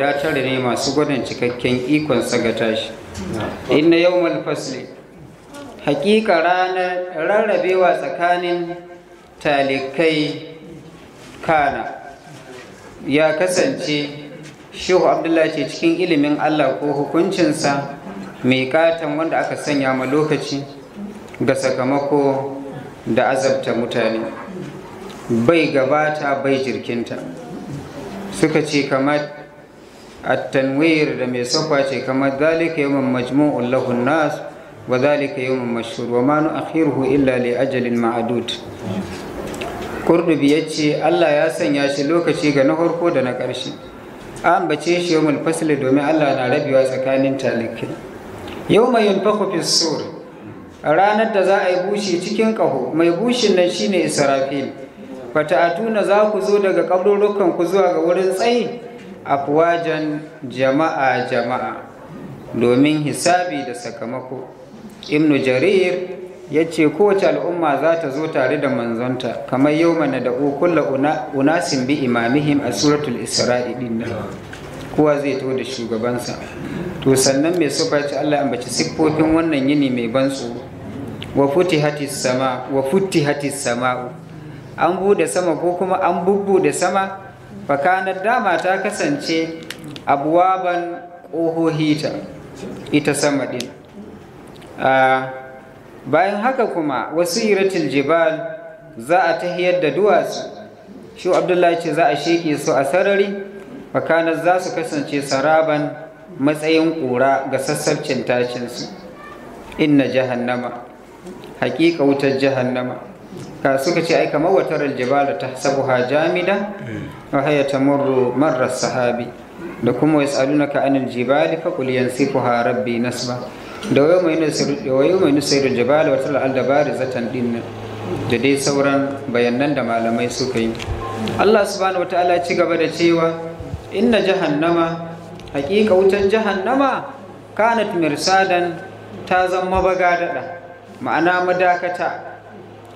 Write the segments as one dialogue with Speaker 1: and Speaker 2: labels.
Speaker 1: dacar ne masu gwadon cikakken ikon sagata shi inna yau fasli hakika ranar rarrabewa tsakanin talikai kana ya kasance shehu abdullah ce cikin ilimin allah ko hukuncinsa mai katon wanda aka sanya ma lokaci ga sakamako da azabta mutane bai gabata bai jirkinta suka ce kamar التنوير لم يسوق شيء كما ذلك يوم مجموع له الناس وذلك يوم مشهور وما نؤخره إلا لأجل معدود kurdubi ya ce Allah ya sanya shi lokaci ga na farko da na ƙarshe an bace shi fasli domin Allah na rabewa tsakanin talikai yawma yunfakhu fis sur ranar da za a yi bushe cikin ƙaho mai bushin nan shine Israfil fata'atuna za ku zo daga kaburukan ku zuwa ga wurin tsayi afwajan jama'a jama'a domin hisabi da sakamako ibnu jarir ya ce kowace al'umma za ta zo tare da manzonta kamar yau mana da ukulla unasin bi imamihim a suratul isra'i din kowa zai to da shugabansa to sannan mai sufa ci Allah ambaci siffofin wannan yini mai ban tsoro wa futi sama sama'u. an bude sama ko kuma an da sama fakanar dama ta kasance abuwaban ƙohohi ita sama ɗin bayan haka kuma wasu iratul jibal za a tahiyar da duwatsu shi abdullahi ce za a sheke su a sarari fakanar za su kasance saraban matsayin ƙura ga sassabcin tacinsu inna jahannama haƙiƙa wutar jahannama suka ce ai kamar watar aljibala ta sabu ha jamida eh. wa haya tamurru marra sahabi da kuma yas'alunaka anil jibali fa qul yansifuha rabbi nasba da wayo mai nusairu jibali wata al'adabari zatan dinnan da dai sauran bayanan da malamai suka yi Allah subhanahu wataala ci gaba da cewa inna jahannama hakika wutan jahannama kanat mirsadan ta zama bagadada ma'ana madakata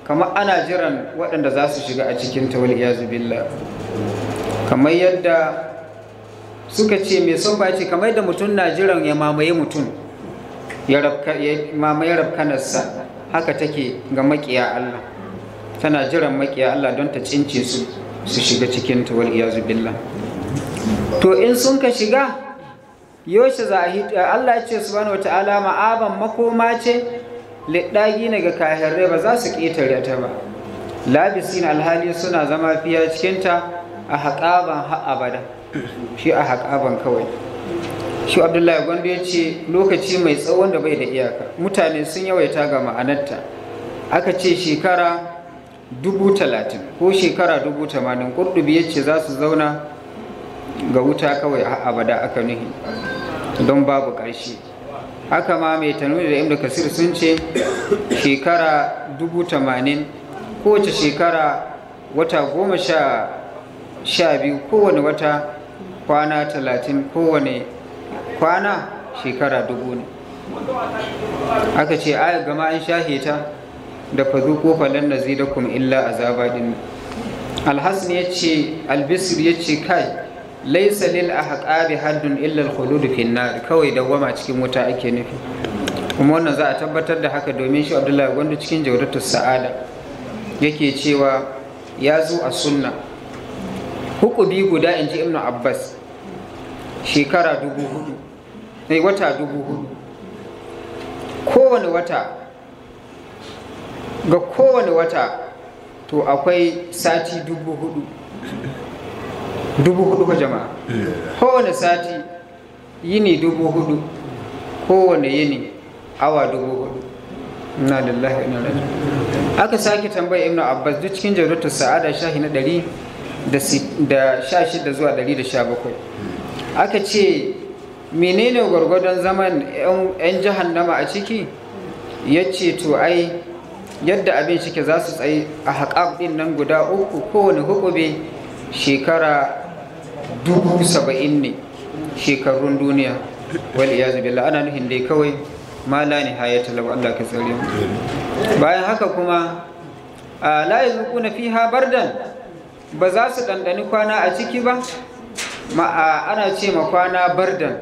Speaker 1: kamar ana jiran waɗanda za su shiga a cikin ta wani billah kamar yadda suka ce mai son ba ce kamar yadda mutum na jiran ya mamaye mutum ya mamaye rafkanarsa haka take ga makiya Allah tana jiran makiya Allah don ta cince su su shiga cikin ta wani billah to in sun ka shiga shi za a Allah ce su wata alama ma'aban makoma ce liɗɗagi ne ga kahirrai ba za su ƙetare ta ba labisin alhali suna zama fiya cikinta a haƙaban abada shi a haƙaban kawai shi abdullahi gwanda ya ce lokaci mai tsawon da bai da iyaka mutane sun yawaita ga ma'anarta aka ce shekara dubu talatin ko shekara dubu tamanin ƙurɗubi ya ce za su zauna ga wuta kawai a abada aka nuhi don babu ƙarshe haka ma mai Tanuri da imda kasir sun ce shekara dubu tamanin kowace shekara wata goma sha sha biyu kowane wata kwana talatin kowane kwana shekara dubu ne aka ce aya gama an shaheta da fazu ko falon da zai da kuma illa a zaba din alhassan ya ce albisir ya ce kai laisa lil ahqabi haddun illa al khulud fi nar kawai dawwama cikin wuta ake nufi kuma wannan za a tabbatar da haka domin shi Abdullahi wanda cikin jawdatu sa'ada yake cewa ya zo a sunna hukubi guda in ji ibnu abbas shekara dubu hudu ne eh, wata dubu hudu kowane wata ga kowane wata to akwai sati dubu hudu dubu hudu ko jama'a eh. kowane sati yini dubu hudu kowane yini awa dubu hudu ina lillahi ina lillahi aka sake tambaya ibnu abbas duk cikin jarratu sa'ada shahi na ɗari da sha shida zuwa ɗari da sha bakwai aka ce menene gwargwadon zaman 'yan jahannama a ciki ya ce to ai yadda abin shike za su tsaye a haƙaƙin nan guda uku kowane hukube shekara dubu saba'in ne shekarun duniya Wani ya zubi ana nuhin dai kawai ma la haya Allah ka tsare mu bayan haka kuma la na fiha bardan ba za su ɗanɗani kwana a ciki ba ana ce ma kwana bardan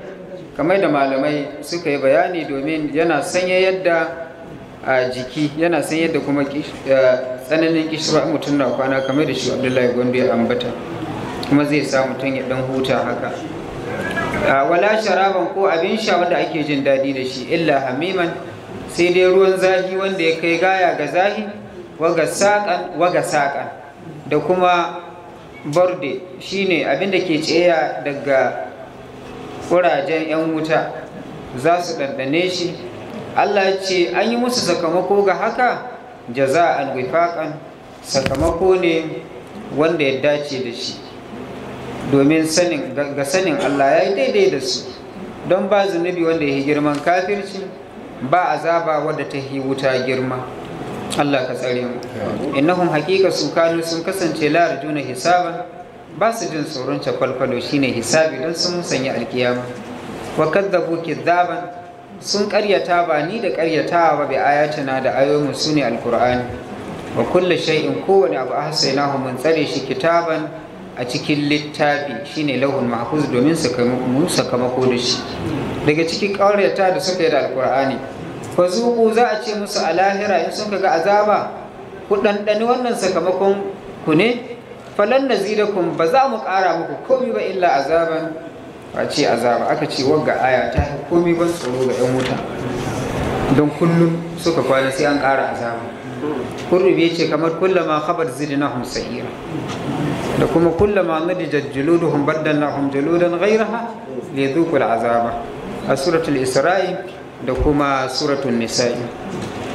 Speaker 1: kamar da malamai suka yi bayani domin yana sanya yadda a jiki yana san yadda kuma tsananin kishirwa mutum na kwana kamar da shi abdullahi gondo ya ambata kuma zai sa mutum ya dan huta haka wala sharaban ko abin sha wanda ake jin daɗi da shi illa hamiman sai dai ruwan zahi wanda ya kai gaya ga zahi waga saƙan da kuma barde shine abin da ke tseya daga ƙurajen 'yan wuta za su ɗanɗane shi allah ce an yi musu sakamako ga haka jaza'an wifaƙan sakamako ne wanda ya dace da shi domin sanin ga sanin Allah ya yi daidai da su don ba zunubi wanda ya yi girman kafirci ba azaba wadda ta yi wuta girma Allah ka tsare mu innahum haqiqa su kanu sun kasance la arjuna hisaba ba su jin tsoron cakwalkwalo shine hisabi don sun sanya alkiyama wa kadzabu kidzaban sun karyata ba ni da karyatawa ba bi ayatina da ayoyin su ne Alkur'ani. wa kullu shay'in kowane abu ahsaynahu mun tsare shi kitaban a cikin littafi shine lahul mahfuz domin mu sakamako da shi daga cikin ƙaryata da suka yi da alkur'ani fa zuku za a ce musu a lahira in sun ga azaba ku ɗanɗani wannan sakamakon ku ne falan na zidakun ba za mu ƙara muku komi ba illa azaban A ce azaba aka ce wagga aya ta yi ban tsoro ga 'yan wuta don kullum suka kwana sai an ƙara azaba kurrube ce kamar kullama khabar zidnahum sa'ira da kuma kullama nudijat juluduhum gairaha, juludan ghayraha lizuqu al'azaba a suratul isra'i da kuma suratul nisa'i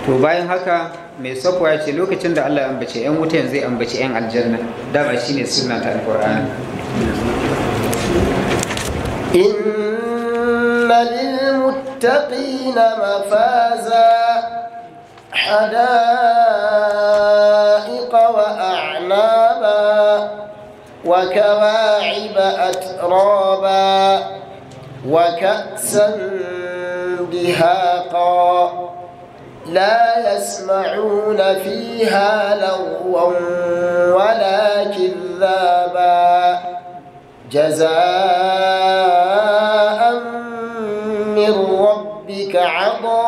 Speaker 1: to bayan haka mai sako ya ce lokacin da Allah ya ambace yan wuta yanzu ya ambace yan aljanna dama shine sunna ta alqur'ani
Speaker 2: إن للمتقين مفازا حدائق وأعنابا وكواعب أترابا وكأسا دهاقا لا يسمعون فيها لغوا ولا كذابا جزاء من ربك عطاء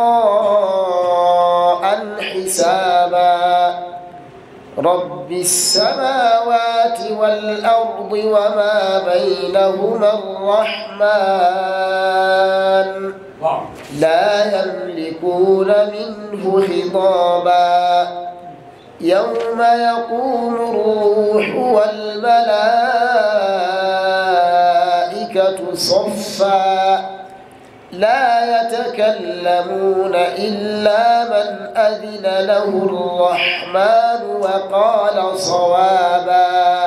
Speaker 2: رب السماوات والأرض وما بينهما الرحمن لا يملكون منه خطابا يوم يقوم الروح والملائكة صفا لا يتكلمون إلا من أذن له الرحمن وقال صوابا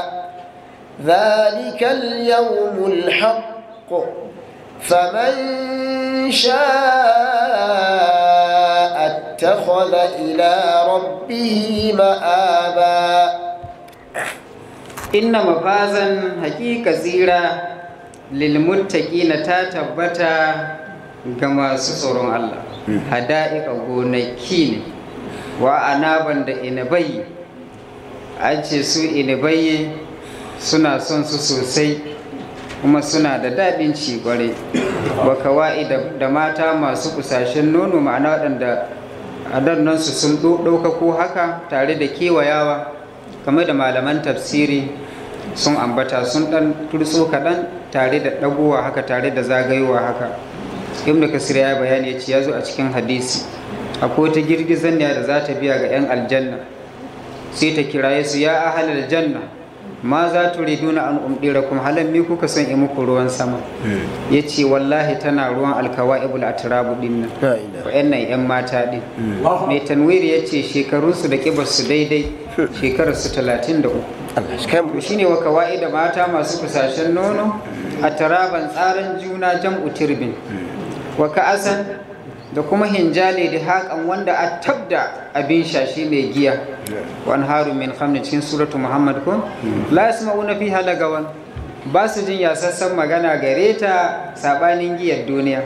Speaker 2: ذلك اليوم الحق فمن شاء اتخذ إلى ربه مآبا إن مفازا هكي كثيرا للمتقين
Speaker 1: تتبتا ga masu tsoron Allah hmm. hada'iƙa gonaki ne wa anaban da inabai an ce su inabai suna son su sosai kuma suna da daɗin ci ƙwarai ba kawai da mata masu kusashen nono ma'ana waɗanda adannansu sun ɗauka ko haka tare da kewayawa kamar da malaman tafsiri sun ambata sun ɗan turso kaɗan tare da ɗagowa haka tare da zagayowa haka ibn kasir ya bayani ya ce ya zo a cikin hadisi akwai wata girgizan da za ta biya ga 'yan aljanna sai ta kiraye su ya ahalar janna ma za ta na an umdira kuma halan mi kuka son yi muku ruwan sama hmm. ya ce wallahi tana ruwan alkawa ibul atirabu din nan Ba 'yan mata din hmm. mai tanwiri ya ce shekarunsu da su daidai shekararsu talatin da uku ne wa kawai da mata masu fusashen nono hmm. a taraban tsarin juna jan utirbin wa ka'asan da kuma hinjali da haƙan wanda a tabda abin shashi mai giya wa haru min khamni cikin suratu muhammad kun hmm. la yasma'una fiha lagawan ba su jin yasassan magana gare ta sabanin giyar duniya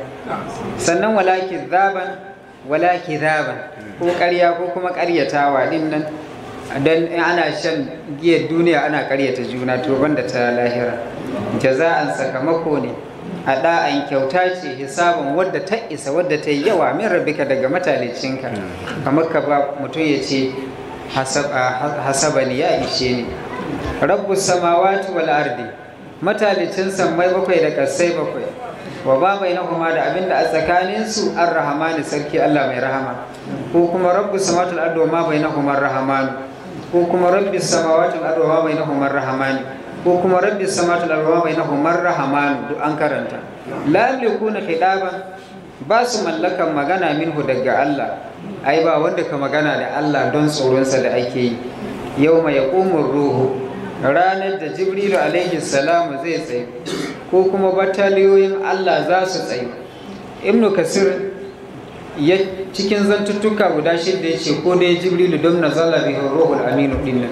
Speaker 1: sannan wala zaban wala zaban ko karya ko kuma ƙaryatawa din nan ana shan giyar duniya ana karyata juna to banda ta lahira jaza'an sakamako ne a da'an kyauta ce hisabin wadda ta isa wadda ta yi yawa min rabbika daga matalicinka hmm. kamar ka ba mutum ya ce ah, hasabani ya ishe ni rabbu samawati wal ardi matalicin samai bakwai da kasai bakwai wa ba bai na kuma da abinda a tsakaninsu an rahamani sarki Allah mai rahama ko kuma rabbu samawatul ardi ma bai na kuma rahamanu ko kuma rabbi samawatul ardi ma bai na kuma rahamani ko kuma rabbi samatu larwa bai nahu, marra hamanu duk an karanta lalliku na hidaban ba su mallakan magana minhu daga Allah ai ba wanda ka magana da Allah don tsoronsa da ake yi yau mai yaƙumin ruhu ranar da jibrilu alaihi salamu zai tsaye ko kuma bataliyoyin Allah za su tsaye ibnu kasir ya cikin zantuttuka guda shidda yace ko dai jibrilu don nazala bihi ruhul aminu dinnan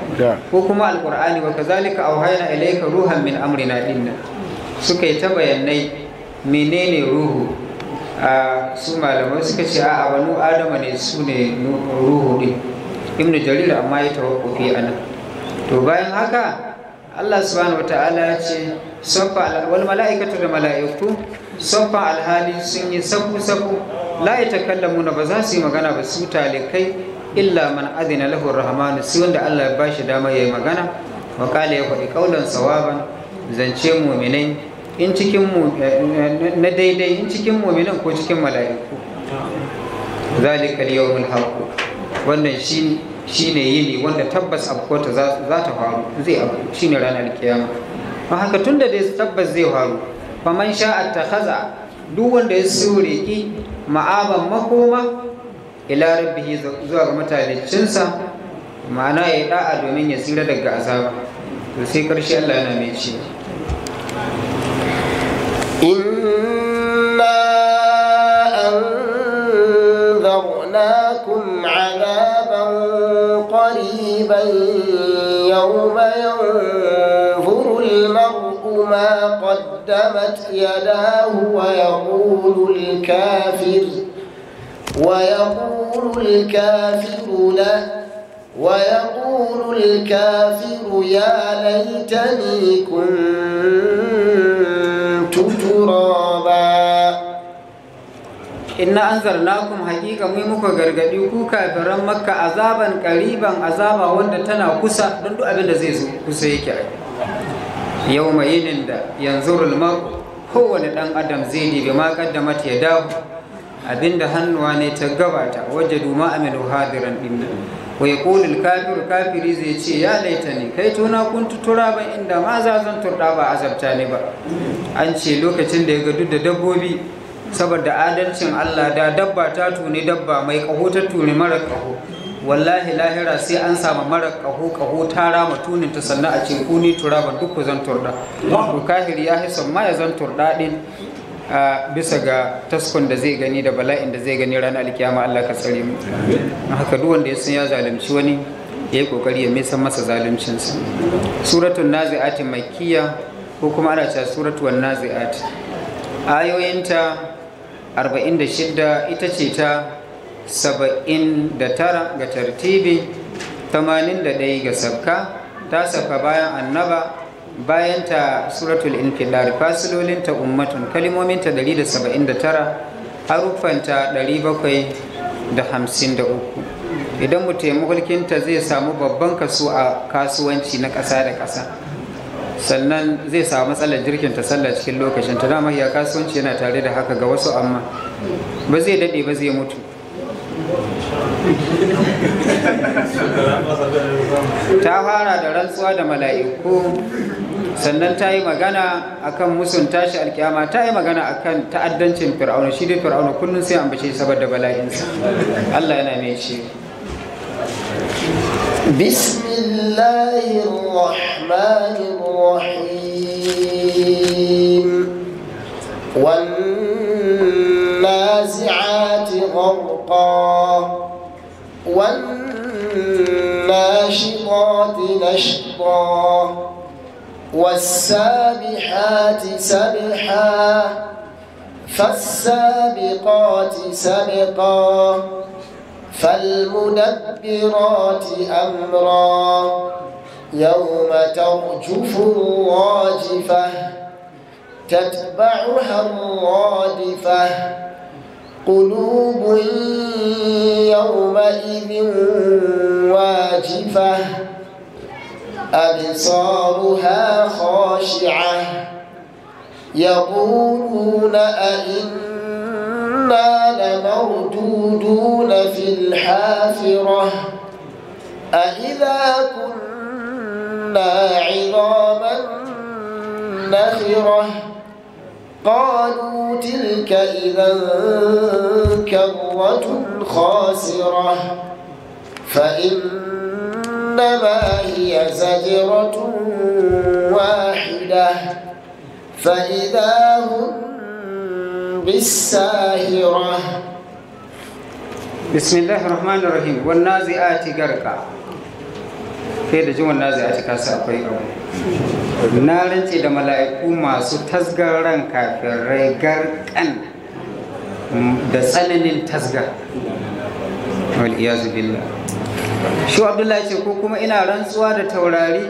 Speaker 1: ko kuma alqur'ani wa kazalika auhayna ilayka ruhan min amrina dinnan suka yi ta bayanai menene ruhu a su malamai suka ce a abanu adama ne su ne ruhu din ibnu jarir amma ya tawaqqufi anan to bayan haka Allah subhanahu wata'ala ya ce sabba wal mala'ikatu da mala'iku sabba alhali sun yi sabu sabu la Muna ba za su yi magana ba su talikai illa man adina lahu rahmanu sai wanda Allah ya bashi dama yi magana wa ya faɗi kaulan sawaban zance mu'minai in cikin eh, eh, na daidai in cikin mu'minan ko cikin mala'iku zalika al-yawmul haqq wannan shi shine yini wanda tabbas abkota za ta faru zai abu shine ranar kiyama Ba haka tunda dai tabbas zai faru man sha'a takhaza duk wanda ya siyo reki ma'aban makoma ila rabbihi zuwa ga mutanencinsa ma'ana ya yi ɗa'a domin ya tsira daga azaba to sai karshe Allah yana mai ce inna
Speaker 2: anzarnakum azaban qariban yawma yanzur ما قدمت يداه ويقول الكافر ويقول الكافر لا ويقول الكافر يا ليتني كنت
Speaker 1: ترابا inna anzarnakum haqiqa mai muka gargadi ku kafiran makka azaban kariban azaba wanda tana kusa don duk abin da zai zo kusa yake ai yau mai yinin da yanzu rulmar kowane ɗan adam zai dibi da mata ya dawo abinda hannuwa ne ta gabata wajen duma amilu hadiran ɗin wa ya ƙulil kafir kafiri zai ce ya laita ne kai tuna kun tutura ban inda ma za zan turɗa ba azabta ne ba an ce lokacin da ya gadu da dabbobi saboda adalcin allah da dabba ta tuni dabba mai ƙaho ta tuni mara ƙaho wallahi lahira sai an samu mara kaho kaho ta rama tunin ta sannan a ce kuni turaban duk zan turda to kahir ya hisa ma ya zan turda din bisa ga taskon da zai gani da bala'in da zai gani ranar alkiyama Allah ka tsare mu haka duk wanda ya san ya zalunci wani ya yi kokari ya mesa masa zaluncinsa suratul nazi'at makkiya ko kuma ana cewa suratul nazi'at ayoyinta 46 ita ce ta saba'in da tara ga tartibi tamanin da ɗaya ga sabka ta sabka bayan annaba bayan ta suratul infilar fasilolin ta ummatun kalimomin ta da da saba'in ɗari tara harufan ta uku. idan mutum mulkin ta zai samu babban kaso a kasuwanci na ƙasa da ƙasa sannan zai samu matsalar jirkin ta sallah cikin lokacin ta dama ya kasuwanci yana tare da haka ga wasu amma ba zai daɗe ba zai mutu ta fara da rantsuwa da mala'iku sannan ta yi magana akan musun tashi alkiyama ta yi magana akan ta'addancin fir'auna shi dai fir'auna kullum sai an bace saboda bala'insa Allah yana
Speaker 2: mai ce Bismillahirrahmanirrahim wan nazi'ati والناشطات نشطا والسابحات سبحا فالسابقات سبقا فالمدبرات أمرا يوم ترجف الراجفة تتبعها الرادفة قلوب يومئذ واجفة أبصارها خاشعة يقولون أئنا لمردودون في الحافرة أئذا كنا عظاما
Speaker 1: نخرة
Speaker 2: قالوا تلك إذا كرة خاسرة فإنما هي زجرة واحدة فإذا هم بالساهرة
Speaker 1: بسم الله الرحمن الرحيم والنازئات غرقا في دجو النازئات كاسا أقوي na rance da mala'iku masu tasgar ran kafin raigar kan da tsananin tasgar wal'iyazu shi abdullahi ce ko kuma ina rantsuwa da taurari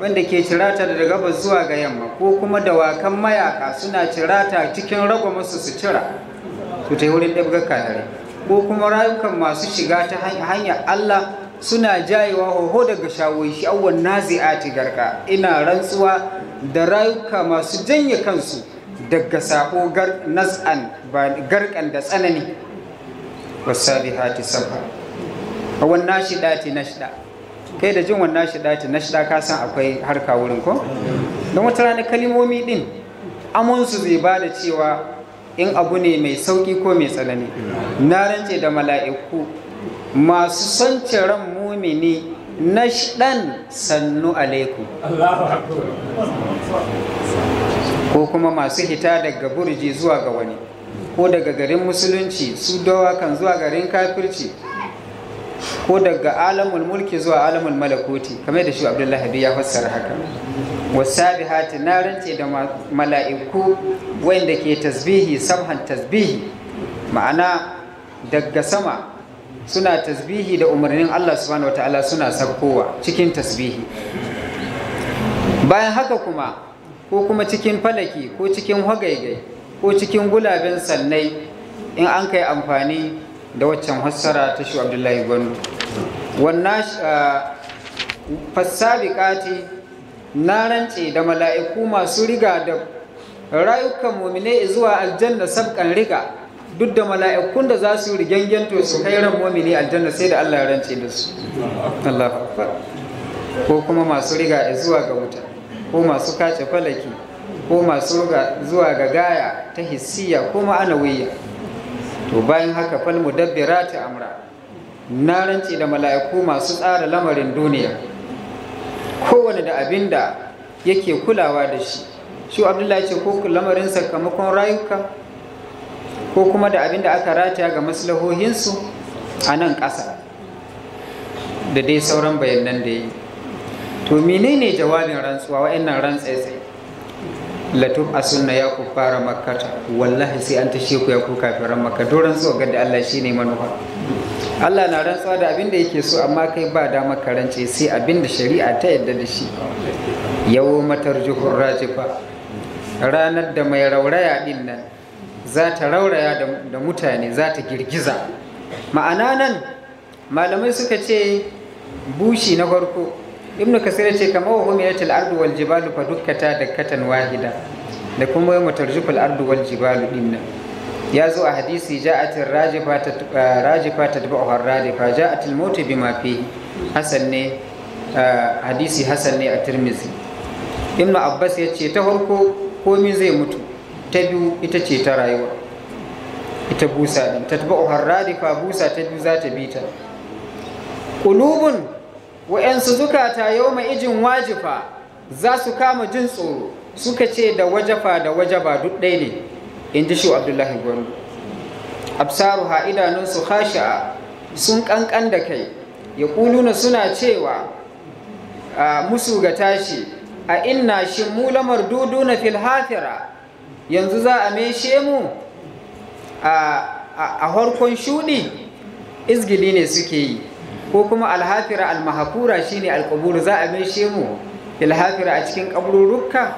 Speaker 1: wanda ke cirata daga gabas zuwa ga yamma ko kuma dawakan mayaka suna cirata cikin rago masu su cira su ta yi wurin ɗabgar kayare ko kuma rayukan masu shiga ta hanyar allah suna jayewa hoho daga shi awon nazi'ati garka ina rantsuwa da rayuka masu janye kansu daga sako Gar-Nas'an garkan da tsanani wasabihati sabha dati na shida. kai da jin wannan na shida ka san akwai harka wurin ko don wata rana kalimomi din amonsu zai ba da cewa in abu ne mai sauki ko mai tsanani na rance da mala'iku masu son ran mumini na ɗan sannu alaikum ko kuma masu hita daga burji zuwa ga wani ko daga garin musulunci su kan zuwa garin kafirci ko daga alamul mulki zuwa alamul malakoti kamar da shi abdullahi ya fassara haka bi hati na rance da mala'iku wanda ke tasbihi sabhan tasbihi ma'ana daga sama suna tasbihi da umarnin Allah subhanahu wataala suna sarkowa cikin tasbihi bayan haka kuma ko kuma cikin falaki ko cikin hagaigai ko cikin gulaben sannai in an kai amfani da waccan hassara ta shi abdullahi gwanu wannan ah, fassabiƙati na rance da mala'iku masu riga da rayukan muminai zuwa aljanna sabkan riga duk da mala'ikun da za su rigengento su kai ran momini aljanna sai da Allah ya rance da su Allah akbar ko kuma masu riga zuwa ga wuta ko masu kace falaki ko masu zuwa ga gaya ta hissiya ko ma'anawiyya to bayan haka fal mudabbirati amra na rance da mala'iku masu tsara lamarin duniya kowane da abin da yake kulawa da shi shi abdullahi ce ko lamarin sakamakon rayuka ko kuma da abin da aka rataya ga maslahohinsu a nan ƙasa da dai sauran bayanan da yi to menene jawabin rantsuwa wa'annan sai latuf a sunna ya ku fara makata wallahi sai an tashe ku ya ku kafiran makka to rantsuwa ga da Allah ne manufa Allah na rantsuwa da abin da yake so amma kai ba da ka sai abin da shari'a ta yadda da shi yau matar juhur rajifa ranar da mai rauraya din nan za ta rauraya da mutane za ta girgiza ma'ana nan malamai suka ce bushi na farko ibn kasir ce kama wa humiyatul al'adu wal jibalu fa dukkata dakkatan wahida da kuma yamma tarjifal ardu wal jibalu dinna ya zo a hadisi ja'atir eh, rajifa ta rajifa harradifa ja'atil mautu bima fi hasan ne eh, hadisi hasan ne a tirmizi Ibn abbas ya ce ta farko komi zai mutu ta biyu ita ce ta rayuwa ita busa din ta ohar radifa, busa ta biyu za ta bi ta ƙulubun wa'yansu zukata yau mai ijin wajifa za su kama jin tsoro suka ce da wajafa da wajaba duk ɗaya ne in ji shi abdullahi gwanu absaru ha idanunsu hasha sun ƙanƙan da kai ya ƙuluna suna cewa musu ga tashi a inna shi mu lamar dudu na filhafira yanzu za a meshe mu a harkon shuɗi izgili ne suke yi ko kuma alhafira almahakura shine alkaburu za a meshe mu Alhafira a cikin kabururruka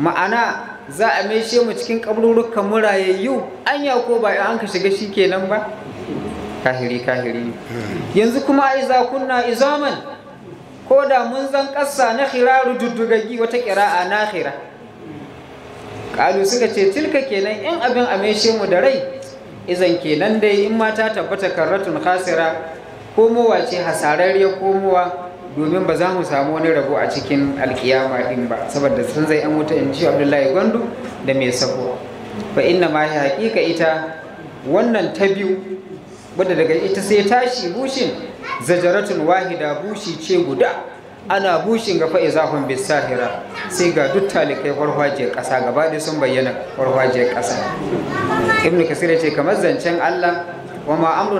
Speaker 1: ma'ana za a meshe mu cikin kabururrukan murayayyu anya ko ba an ka shiga shi kenan ba kahiri kahiri yanzu kuma ai za kunna izaman ko da mun zan ƙasa na khiraru duddugaggi wata ƙira'a na khira kalu suka ce tilka kenan in abin ameshe mu da rai izan kenan dai in mata tabbata karratun khasira komowa ce hasararriyar komowa domin ba za mu samu wani rabo a cikin alkiyama din ba saboda sun zai an wuta in ci abdullahi gwandu da mai sako fa inna ma ya ka ita wannan ta biyu wadda daga ita sai tashi bushin zajaratun wahida bushi ce guda ana bushin ga zafin bisahira sai ga duk talikai warwajiyar ƙasa gaba ɗaya sun bayyana warwajiyar ƙasa Ibn kasir ce kamar zancen allah wa ma